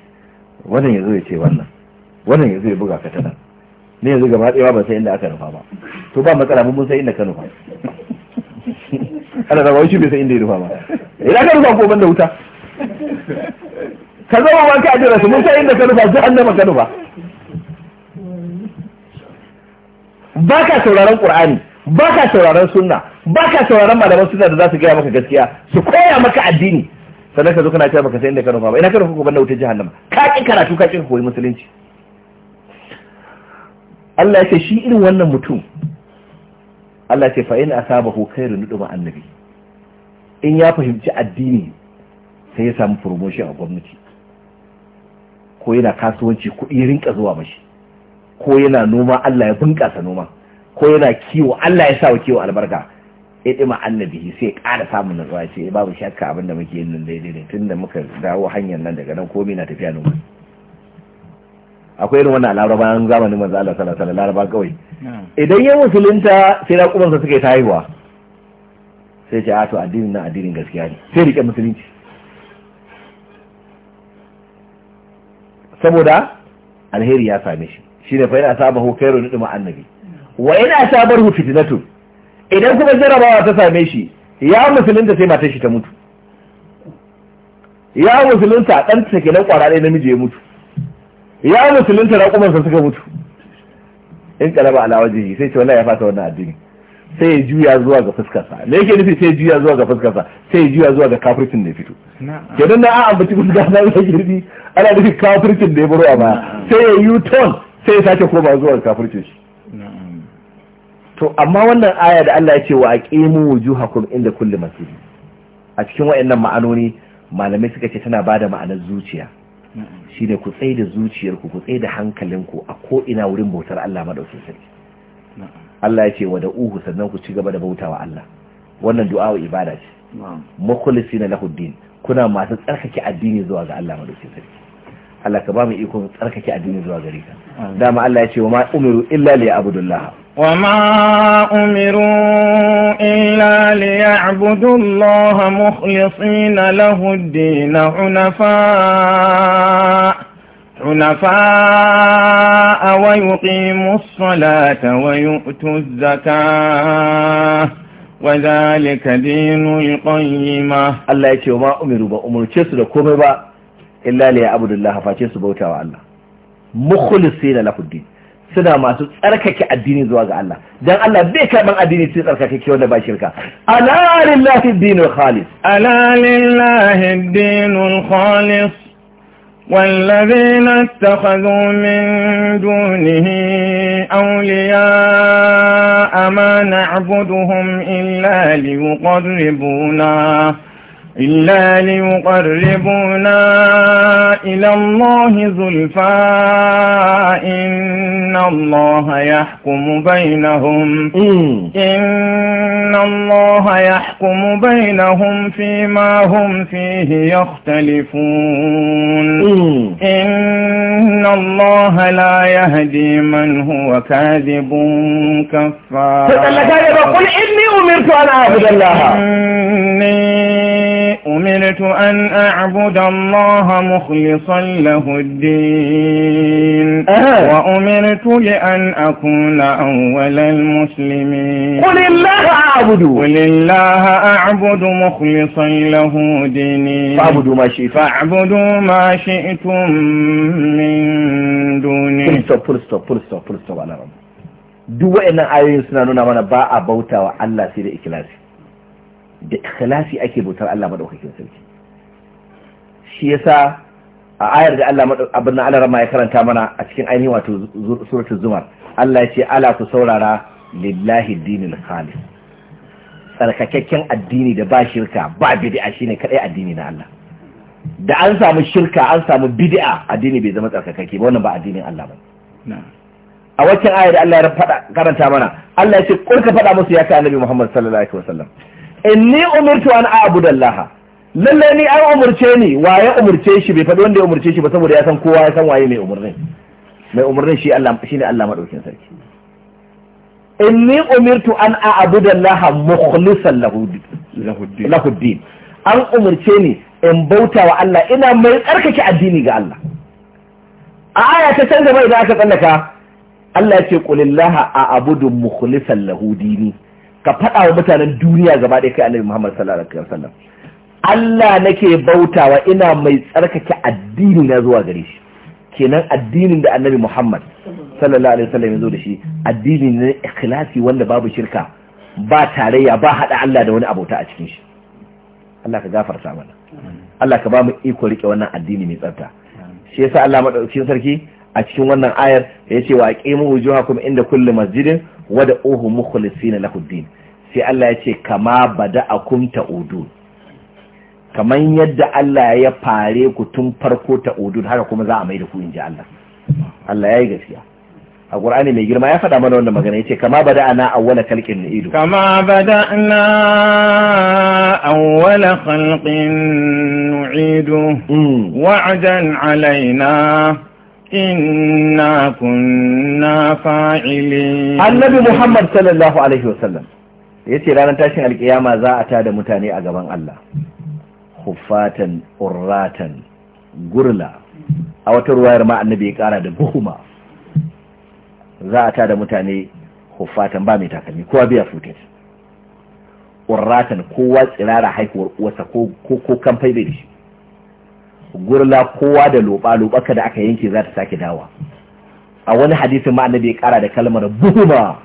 wannan yanzu zai ce wannan wannan yanzu zai buga ka ta ne yanzu gaba ɗaya ba sai inda aka rufa ba to ba matsala mun san inda ka nufa ana zama shi bai san inda ya rufa ba idan ka nufa ko banda wuta ka zama ba ka ajira su mun san inda ka nufa jahannama ka nufa ba ka sauraron ƙur'ani ba ka sauraron sunna ba ka sauraron malaman sunna da za su gaya maka gaskiya su koya maka addini sannan ka zo kana cewa baka san inda ka nufa ba ina ka nufa ko banda wutar jahannama ka ƙi karatu ka kin koyi musulunci Allah ya ce shi irin wannan mutum Allah ya ce fa in asabahu khairu nuduma annabi in ya fahimci addini sai ya samu promotion a gwamnati ko yana kasuwanci kuɗi rinka zuwa mashi ko yana noma Allah ya bunƙasa noma ko yana kiwo Allah ya sawa wa kiwo albarka idima annabi sai ƙara samun zuwa ce eh, babu shakka abin da muke yin nan daidai ne tunda muka dawo hanyar nan daga nan komai na tafiya noma akwai irin wannan laraba an zamanin manzo Allah sallallahu alaihi wasallam laraba kawai idan ya musulunta sai da suka yi ta haihuwa sai ce a to addinin na addinin gaskiya ne sai rike musulunci saboda alheri ya same shi shine fa yana sabahu ni duma annabi wa yana sabarhu fitnatu idan kuma jarabawa ta same shi ya musulunta sai matar shi ta mutu ya musulunta dan take na kwarare namiji ya mutu ya musulunta raƙumarsa suka mutu in ƙalaba ala wajihi sai ce wallahi ya fata wannan addini sai ya juya zuwa ga fuskarsa me yake nufi sai ya juya zuwa ga fuskarsa sai ya juya zuwa ga kafircin da ya fito kenan na a'a bace kun gana da girbi ana nufi kafircin da ya buru a baya sai ya yi turn sai ya sake koma zuwa kafirce shi to amma wannan aya da Allah ya ce wa aqimu wujuhakum inda kulli masjid a cikin wayannan ma'anoni malamai suka ce tana bada ma'anar zuciya shine ku tsaye da zuciyarku ku tsaye da hankalinku a ko ina wurin bautar Allah madaukakin sarki Allah ya ce wa da'uhu sannan ku cigaba da bautawa Allah wannan du'a ibada ce mukhlisina lahu din kuna masu tsarkake addini zuwa ga Allah madaukakin sarki Allah ka ba mu ikon tsarkake addini zuwa gare ka dama Allah ya ce wa ma umiru illa li abudullah wa ma umiru illa li ya'budu Allah mukhlisina lahu ad-din hunafa حنفاء ويقيموا الصلاة ويؤتوا الزكاة وذلك دين القيمة الله يتوما أمروا بأمروا تسر كومي illa liya abdullahi face su bauta wa Allah mukhlisina lahu din suna masu tsarkake addini zuwa ga Allah dan Allah bai karban addini sai tsarkake wanda da shirka ala lillahi ad-dinul khalis ala lillahi dinul khalis والذين اتخذوا من دونه أولياء ما نعبدهم إلا ليقربونا إلا ليقربونا إلى الله زلفى إن الله يحكم بينهم إن الله يحكم بينهم فيما هم فيه يختلفون إن الله لا يهدي من هو كاذب كفار قل إني أمرت أن أعبد الله إني أمرت أن أعبد الله مخلصا له الدين وأمرت لأن أكون أول المسلمين قل الله أعبد قل الله أعبد مخلصا له ديني فاعبدوا ما شئتم فاعبدوا ما شئتم من دوني full stop full stop full stop full stop duk wa'annan ayoyin suna nuna da ikhlasi ake bautar Allah madaukakin sarki shi yasa a ayar da Allah abin da allah ya karanta mana a cikin ainihin wato suratul zumar Allah ya ce ala ku saurara lillahi dinil khalis tsarkakakken addini da ba shirka ba bid'a shine kadai addini na Allah da an samu shirka an samu bid'a addini bai zama tsarkakakke ba wannan ba addinin Allah ba a waccan ayar da Allah ya karanta mana Allah ya ce kurka fada musu ya kai annabi Muhammad sallallahu alaihi wasallam inni umirtu an a'budallaha lalle ni an umurce ni waye umurce shi bai faɗi wanda ya umurce shi ba saboda ya san kowa ya san waye mai umurnin mai umurnin shi Allah shine Allah madaukin sarki inni umirtu an a'budallaha mukhlishan lahu lahu din an umurce ni in bauta wa Allah ina mai tsarkake addini ga Allah a aya ta canza mai da aka tsallaka Allah ya ce qulillaha a'budu mukhlishan lahu dini ka faɗa wa mutanen duniya gaba ɗaya kai annabi Muhammad sallallahu alaihi wasallam Allah nake bautawa ina mai tsarkake addini na zuwa gare shi kenan addinin da annabi Muhammad sallallahu alaihi wasallam ya zo da shi addini ne ikhlasi wanda babu shirka ba tarayya ba hada Allah da wani abota a cikin shi Allah ka gafarta mana Allah ka ba mu iko rike wannan addini mai tsarta. shi yasa Allah madaukakin sarki a cikin wannan ayar yace wa aqimu wujuhakum inda kulli masjidin wada ohu mukhlisina lahuddin sai Allah ya ce kama bada akum ta'udun kamar yadda Allah ya fare ku tun farko ta'udun haka kuma za a mai da ku inji Allah Allah ya yi gaskiya a ƙur'ani mai girma ya faɗa mana wannan magana ya ce kama bada ana awwala khalqin na ido kama bada na awwala khalqin nu'idu mm. wa'adan alaina inna kunna annabi muhammad sallallahu alaihi wasallam ce ranar tashin alkiyama za a tada mutane a gaban Allah hufatan urratan gurla a wata ruwayar ma annabi ya kara da buhuma za a da mutane hufatan ba mai takalmi kowa biya futa urratan kowa tsirara haihuwar uwarsa ko kamfai bai da shi gurla kowa da loba lobaka da aka yanke za ta sake dawa a wani hadisin ma annabi ya kara da kalmar buhuma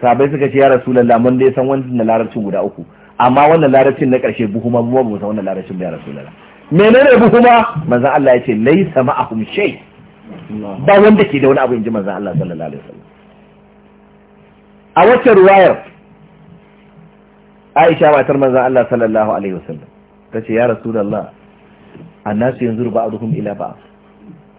sabai suka ce ya rasulullah mun dai san wannan larabcin guda uku amma wannan larabcin na karshe buhuma mu ba mu san wannan larabcin ba ya rasulullah menene buhuma manzon Allah ya ce laisa ma'ahum shay ba wanda ke da wani abu inji manzon Allah sallallahu alaihi wasallam a wacce ruwayar Aisha matar manzon Allah sallallahu alaihi wasallam tace ya rasulullah annasu yanzu ba ruhum ila ba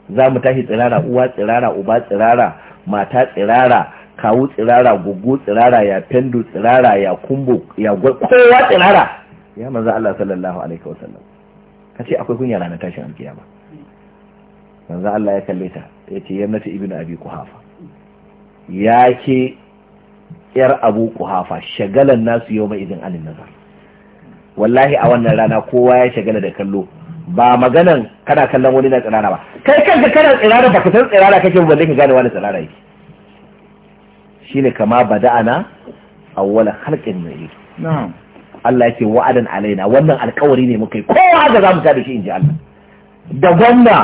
za mu tashi tsirara uwa tsirara uba tsirara mata tsirara kawu tsirara gugu tsirara ya fendu tsirara ya kumbo ya kowa tsirara ya manzo Allah sallallahu alaihi wasallam kace akwai kunya ranar tashin alkiyama manzo Allah ya kalle ta yace yamnati ibnu abi kuhafa yake yar abu kuhafa shagalan nasu yau mai izin alin nazar wallahi a wannan rana kowa ya shagala da kallo ba maganan kana kallon wani na tsirara ba kai kanka kana tsirara ba ka san tsirara kake balle ka gane wani tsirara yake shine kama bada'ana awwala khalqin na na'am Allah yake wa'adan alaina wannan alƙawari ne muka yi kowa da zamu ta da shi inji Allah da gwamna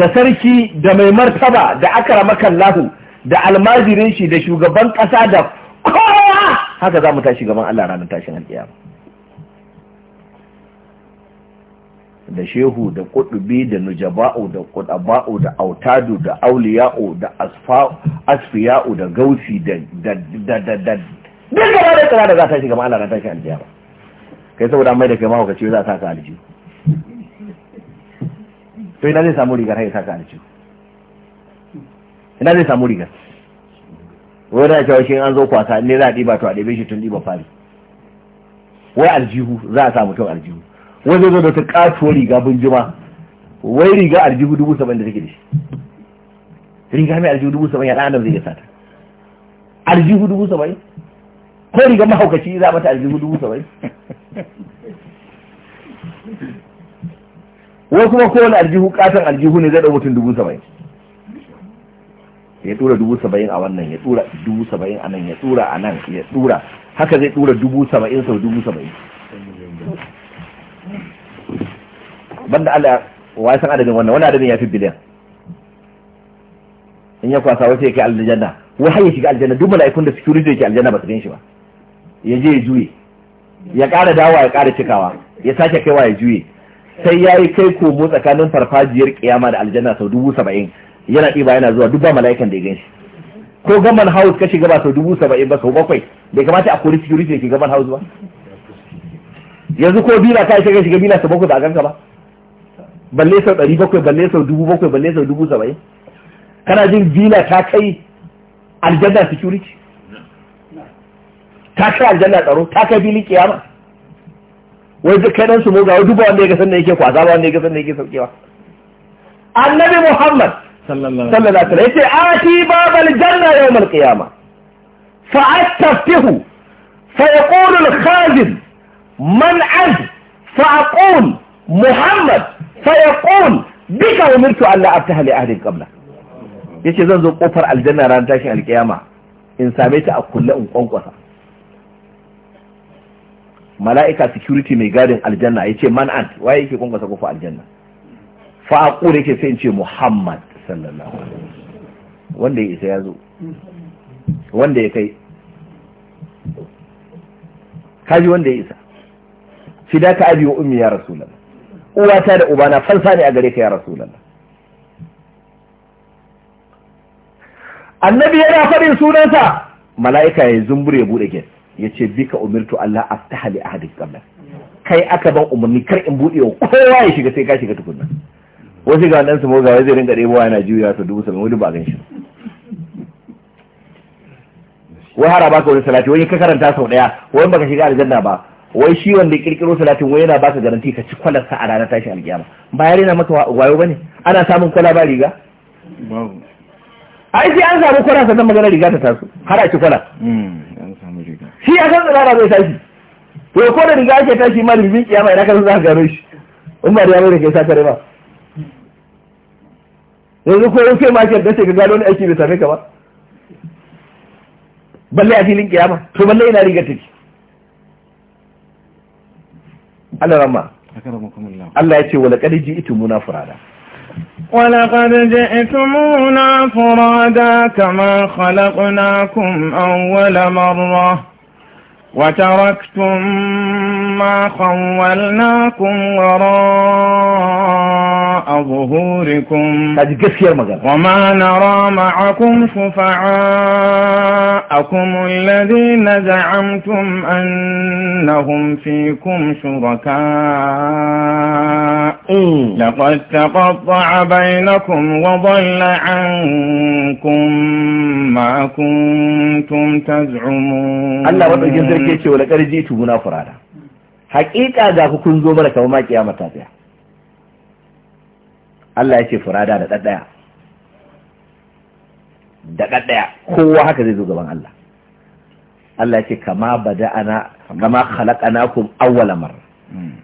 da sarki da mai martaba da akrama kallahu da almajirin shi da shugaban ƙasa da kowa haka za zamu tashi gaban Allah ranar tashin alƙiyama da shehu da kudubi da nujaba'u da kudaba'u da autadu da auliya'u da asfiya'u da gausi da da za ta shiga wai aljihu za sa aljihu wanda zo da ta katuwar riga bunjuma wai riga aljihu dubu saba'in da take da shi riga mai aljihu dubu saba'in ya ɗan adam zai ya sata aljihu dubu saba'in ko riga mahaukaci za mata aljihu dubu saba'in wai kuma ko wani aljihu katon aljihu ne zai ɗau mutum dubu saba'in ya tura dubu saba'in a wannan ya tura dubu saba'in a nan ya tura a nan ya tura haka zai tura dubu saba'in sau dubu saba'in banda Allah wa san adadin wannan wani adadin ya fi biliyan in ya kwasa wace yake aljanna wahai ya shiga aljanna duk mala'ikun da security yake aljanna ba su gan shi ba ya je ya juye ya ƙara dawa ya ƙara cikawa ya sake kaiwa ya juye sai ya yi kai komo tsakanin farfajiyar kiyama da aljanna sau dubu saba'in yana ɗiba yana zuwa duk ba mala'ikan da ya gan shi ko gaman house ka shiga ba sau dubu saba'in ba sau bakwai bai kamata a kori security yake gaman house ba yanzu ko bila ka shiga shiga bila su bakwai ba a ganka ba balle sau ɗari bakwai balle sau dubu bakwai balle sau dubu saba'in kana jin villa ta kai aljanna security ta kai aljanna tsaro ta kai filin kiyama wai duk kai dan su moga wani duba wanda ya ga sanda yake kwaza ba wanda ya ga sanda yake saukewa annabi muhammad sallallahu alaihi wasallam yace ati babal janna yawm al qiyama fa astafihu fa yaqulu al khazin man az fa aqul Muhammad fayaqul bika mirtu Allah hali li ahadin qabla ce zan zo kofar aljanna ranar tashin alƙiyama in same ta a kulle in kwankwasa mala'ika security mai gadin aljanna ya ce man ant waye yake kwankwasa ƙofar aljanna fa aqul yake sai in ce Muhammad sallallahu alaihi wasallam wanda ya isa ya zo wanda ya kai kaji wanda ya isa fidaka abi wa ummi ya rasulullah uwata da ubana falsa ne a gare ka ya rasulallah annabi yana faɗin sunansa mala'ika ya zumbur ya buɗe gate ya ce bika umirtu Allah aftaha li ahadin qabla kai aka ban umarni kar in buɗe wa kowa ya shiga sai ka shiga tukunna wasu ga wadansu su moga wai zai ɗaya, ɗebowa yana juya su dubu saba'in wani ba gan shi wai har baka ka wani salati wani ka karanta sau ɗaya wani baka shiga aljanna ba wai shi wanda ya kirkiro salatin wai yana baka garanti ka ci kwalarsa a ranar tashin alkiyama ba ya rena maka wayo bane ana samun kwala ba riga ai sai an samu kwala sannan magana riga ta taso har a ci kwala hmm, shi a san tsara zai tashi to ko da riga ake tashi ma rubin kiyama idan ka san za ka gano shi in ba da yaro da ke sa kare ba yanzu ko yau kai ma ke dace ka gano wani aiki bai same ka ba balle a filin kiyama to balle ina riga take Allah rama. Allah ya ce wala itimu ji furada. Wala itimu na ita muna furada kamar halakunakun an wala marwa. وتركتم ما خولناكم وراء ظهوركم وما نرى معكم شفعاءكم الذين زعمتم أنهم فيكم شركاء لقد تقطع بينكم وضل عنكم ما كنتم تزعمون ake ce wala karji tubuna furada haƙiƙa ga ku kun zo mana kamar maƙiya kiyama tsaya Allah ya ce furada da ɗaɗɗaya da ɗaɗɗaya kowa haka zai zo gaban Allah Allah ya ce kama ana kama kun awwala mar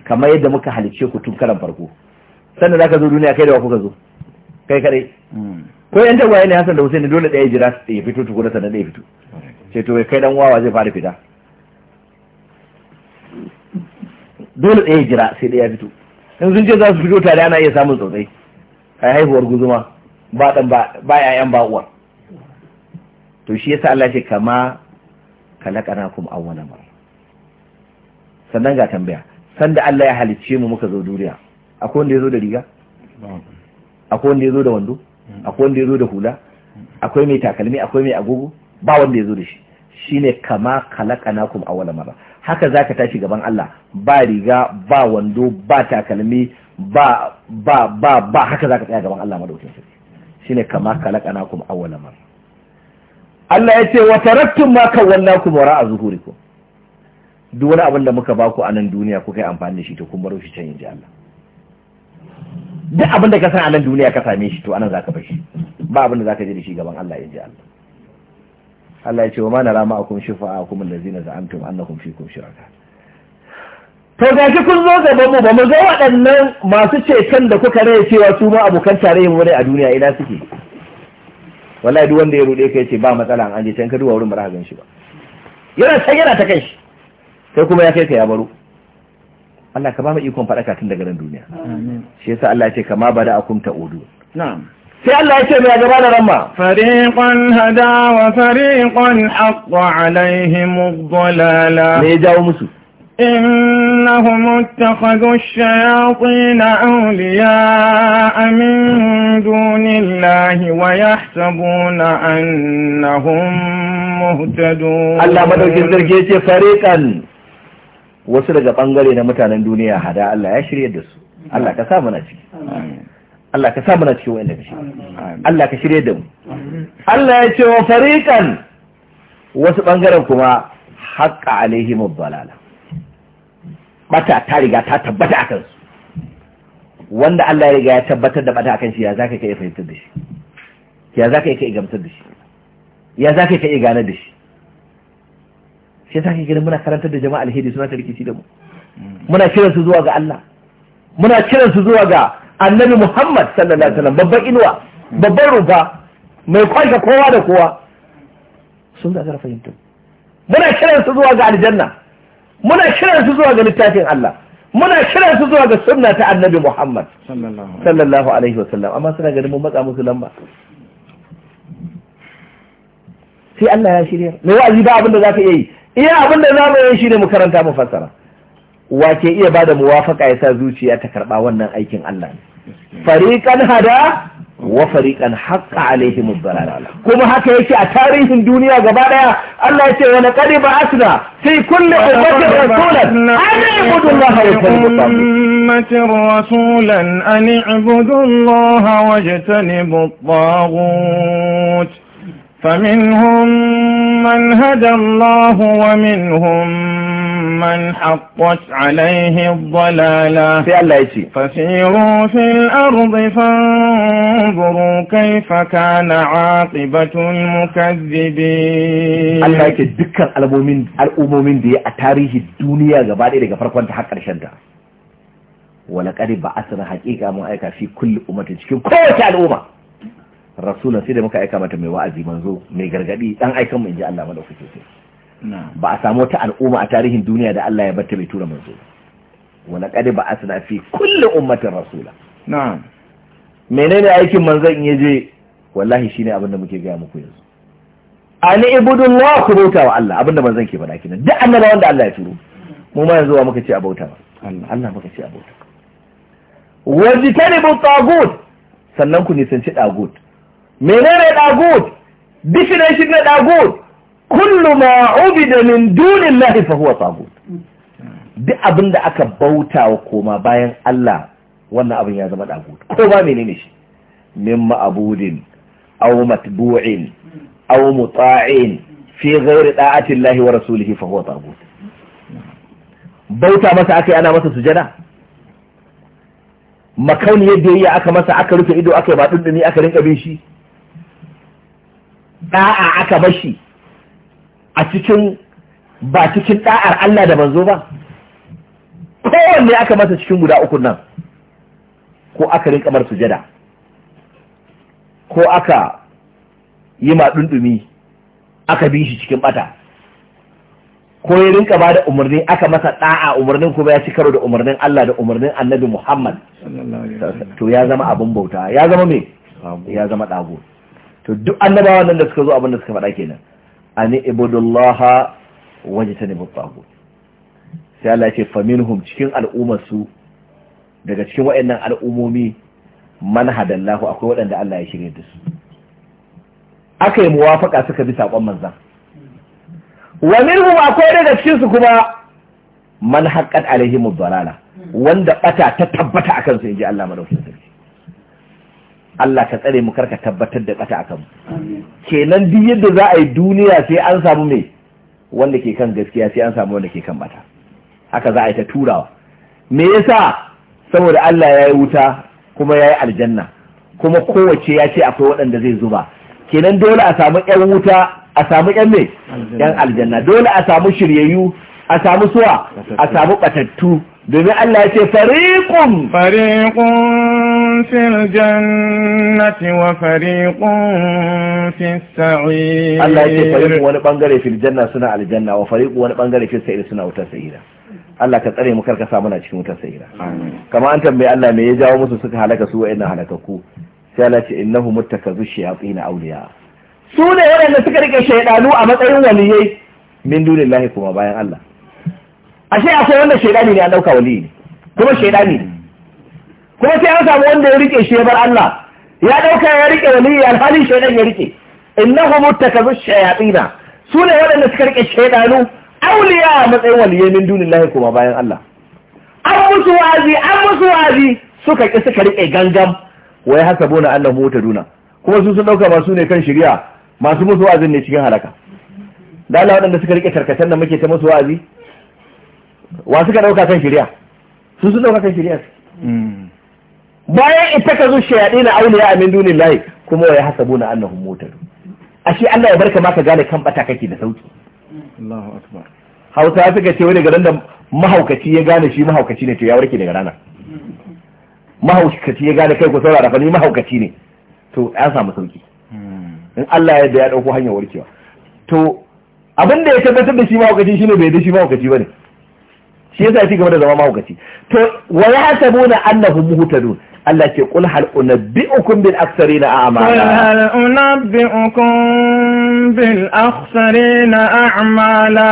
kama yadda muka halicce ku tun karan farko sannan ka zo duniya kai da wa kuka zo kai kare ko yan tagwaye ne Hassan da Hussein dole ɗaya jira ya fito tukuna sannan ɗaya fito ce to kai dan wawa zai fara fita dole ɗaya jira sai ɗaya ya fito in sun ce za su fito tare ana iya samun tsautsai a haihuwar guzuma ba ɗan ba ƴaƴan ba uwar to shi yasa Allah ce kama na kuma awwala mar sannan ga tambaya sanda Allah ya halicce mu muka zo duniya akwai wanda ya zo da riga akwai wanda ya zo da wando akwai wanda ya zo da hula akwai mai takalmi akwai mai agogo ba wanda ya zo da shi shine kama na kuma awwala mar haka zaka tashi gaban Allah ba riga ba wando ba takalmi ba ba ba ba haka zaka tsaya gaban Allah madaukin sarki shine kama kalakanakum awwala mar Allah ya ce wa taraktum ma kawallakum wara'a zuhurikum duk wani abin da muka ba ku a nan duniya ku kai amfani da shi to kun baro shi can inji Allah duk abin da ka san a nan duniya ka same shi to anan zaka bar shi ba abin da zaka je da shi gaban Allah inji Allah Allah ya ce wa ma nara ma'akum shufa'akum allazina za'amtum annakum fikum shuraka to ga shi kun zo gaban mu ba mu ga waɗannan masu ceton da kuka rage cewa su ma abokan tarayyar mu ne a duniya ina suke wallahi duk wanda ya rude ka yace ba matsala an je can ka duba wurin ba shi ba yana can yana ta kai shi sai kuma ya kai ka ya baro Allah ka ba mu ikon faɗaka tun daga nan duniya shi yasa Allah ya ce kama bada akum ta'udu na'am sai Allah ya mai gaba da ramma fariqan hada wa fariqan haqqa alaihim ad-dalala me ya jawo musu إنهم اتخذوا الشياطين أولياء من دون الله ويحسبون أنهم مهتدون الله مدوك الزرقية فريقا wasu daga bangare na mutanen duniya hada Allah ya shirya dasu su Allah Allah ka sa na cikin wa'anda ka shirya Allah ka shirya da mu Allah ya ce wa fariƙan. wasu ɓangaren kuma haqqa alaihim ad-dalala bata ta riga ta tabbata a kansu. wanda Allah ya riga ya tabbatar da bata a shi ya zaka kai fahimtar da shi ya zaka kai gamsar da shi ya zaka kai gane da shi sai zaka gidan muna karantar da jama'a alheri suna ta rikici da mu mm. muna kiransu zuwa ga Allah muna kiransu zuwa ga annabi muhammad sallallahu alaihi wasallam babban inuwa babban rufa mai kwashe kowa da kowa sun gagara fahimta muna kiran su zuwa ga aljanna muna kiran su zuwa ga littafin Allah muna kiran su zuwa ga sunna ta annabi Muhammad sallallahu alaihi wasallam amma suna ganin mun matsa musu lamba sai Allah ya shirya mai wa'azi ba abin da za ka iya yi iya abin da za zamu yi shine mu karanta mu fassara wace iya bada muwafaka ya sa zuciya ta karɓa wannan aikin Allah fariƙan hada wa fariƙan fariqan haqqa alaihim ad kuma haka yake a tarihin duniya gaba ɗaya Allah yace wa laqad ba'athna fi kulli ummatin rasulan an ibudu Allah wa tanibu rasulan an ibudu Allah wa tanibu at-taghut فمنهم من هدى الله ومنهم من حقت عليه الضلالة فسيروا في الأرض فانظروا كيف كان عاقبة المكذبين الله يتي dukkan al'ummomin da ya a tarihi duniya gaba daga farkon ta har ƙarshen ta wala ƙari ba asir haƙiƙa mun aika الأمة kowace al'umma rasulun sai da muka aika mata mai wa'azi manzo mai gargaɗi dan aikan mu inji Allah madaukake sai ba a samu wata al'umma a tarihin duniya da Allah ya batta bai tura manzo wala ba ba'athna fi kulli ummatin rasula na'am menene aikin manzo in je wallahi shine abin da muke gaya muku yanzu ani ibudullah ku bauta wa Allah da manzo ke faɗa kina duk annaba wanda Allah ya turo mu ma yanzu muka ce a bauta ba Allah Allah muka ce a bauta wajtanibu tagut sannan ku nisanci tagut menene dagut definition na tagut kullu ma ubida min dunillahi fa huwa tagut duk abin da aka bauta wa koma bayan Allah wannan abin ya zama dagut ko ba menene shi min ma'budin aw matbu'in aw muta'in fi ghairi da'ati Allah wa rasulihi fa huwa tagut bauta masa aka yi ana masa sujada makauniyar biyayya aka masa aka rufe ido aka ba dindini aka rinka bin shi da'a aka bashi a cikin ba cikin da'ar Allah da manzo ba kowanne aka masa cikin guda uku nan ko aka rinka mar sujada ko aka yi ma dundumi aka bi shi cikin bata ko ya rinka ba da umarni aka masa da'a umarnin kuma ya ci karo da umarnin Allah da umarnin Annabi Muhammad to ya zama abin bauta ya zama me ya zama dago to duk annabawan nan da suka zo abin da suka faɗa kenan an ibudullaha wajtanibu tagut sai Allah ya ce faminhum cikin al'ummar daga cikin waɗannan al'umomi man hadallahu akwai waɗanda Allah ya shirye da su aka yi muwafaka suka bi sakon manzan wa akwai daga cikinsu kuma man haqqat alaihim balala. wanda ɓata ta tabbata akan su inji Allah madaukakin sarki Allah ka tsare mu karka tabbatar da a akan kenan duk yadda za a yi duniya sai an samu me wanda ke kan gaskiya sai an samu wanda ke kan bata haka za a yi ta turawa me yasa saboda Allah ya yi wuta kuma ya yi aljanna kuma kowace ya ce akwai waɗanda zai zuba kenan dole a samu ƴan wuta a samu ƴan me ƴan aljanna dole a samu shiryayyu a samu suwa a samu ɓatattu domin Allah ya ce fariqun fariqun في الجنة وفريق في السعير الله يجي فريق وانا بانغري في الجنة سنة على الجنة وفريق وانا بانغري في السعير سنة وتسعيرة Allah ka tsare mu karka sa muna cikin wutar sa'ira kama an tambaye Allah me ya jawo musu suka halaka su wa'annan halakakku sai Allah ce innahu muttakazu shayatin awliya su ne waɗanda suka rike shaydanu a matsayin waliyai min dunillahi kuma bayan Allah ashe akwai wanda shaydani ne ya dauka wali ne kuma shaydani ne ko sai an samu wanda ya rike shi ya bar Allah ya dauka ya rike waliyi alhalin shaidan ya rike innahu muttakazu shayatina su ne waɗanda suka rike shaydanu auliya matsayin waliyai min dunillahi kuma bayan Allah an musu wazi an musu wazi suka ki suka rike gangam wai hasabuna annahu mutaduna kuma su sun dauka ba su ne kan shari'a masu musu wazin ne cikin halaka da Allah waɗanda suka rike tarkatan da muke ta musu wazi wa suka dauka kan shari'a su sun dauka kan shari'a hmm. bayan ita ka zo shayaɗi na ya amin dunin layi kuma ya hasabu na annahum motar ashe Allah ya barka maka gane kan bata kake da sauki Hausa ya hausa ce wani garin da mahaukaci ya gane shi mahaukaci ne to ya warke daga rana mahaukaci ya gane kai ku saurara fa ni mahaukaci ne to ya samu sauki hmm. in Allah ya da ya ɗauko hanyar warkewa to abin da ya tabbatar da shi mahaukaci shine bai da shi mahaukaci bane shi yasa ya ci gaba da zama mahaukaci to wa yahsabuna annahum muhtadun Allah ke kul hal unabbi'ukum bil aksarina a'mala kul hal unabbi'ukum bil aksarina a'mala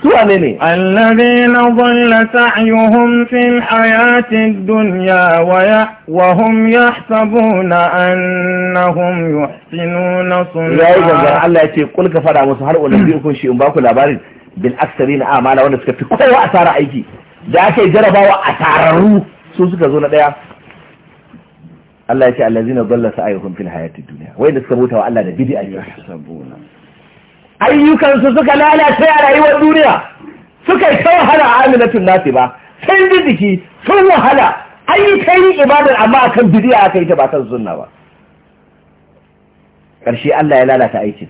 suwa ne ne alladhina dhalla sa'yuhum fil hayatid dunya wa wa hum yahsabuna annahum yuhsinuna sunna yayi da Allah ce kul ka fara musu hal unabbi'ukum shi in ba ku labarin bil aksarina a'mala wanda suka fi kowa asara aiki da ake jarabawa asararru su suka zo na daya Allah ya ce allazina dalla sa'ayuhum fil hayatid dunya wai da suka bauta wa Allah da bid'a ne ayyukan su suka lalace a rayuwar duniya suka yi ta wahala a aminatul nasi ba sun ji jiki sun wahala an yi ibadar amma akan bid'a aka yi ta ba kan sunna ba karshe Allah ya lalata aikin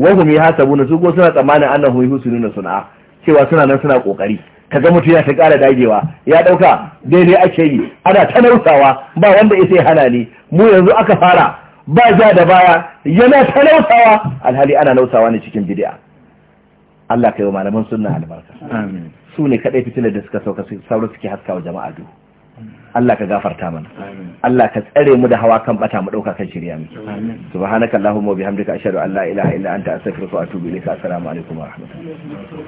wahum yahasabuna su go suna tsammanin annahum yuhsinuna sun'a cewa suna nan suna kokari Ka ga mutum ya ta ƙara dagewa ya ɗauka daidai ake yi ana ta nausawa ba wanda ya hana ni mu yanzu aka fara ba ja da baya yana ta nausawa alhali ana nausawa ne cikin bidiya Allah ka yi wa malaman sunna albarka su ne kaɗai fitilar da suka sauka sauro suke haska wa jama'a du Allah ka gafarta mana Allah ka tsare mu da hawa kan bata mu dauka kan shirya mu subhanakallahumma wa bihamdika ashhadu an la ilaha illa anta astaghfiruka wa atubu ilaik assalamu alaikum wa rahmatullahi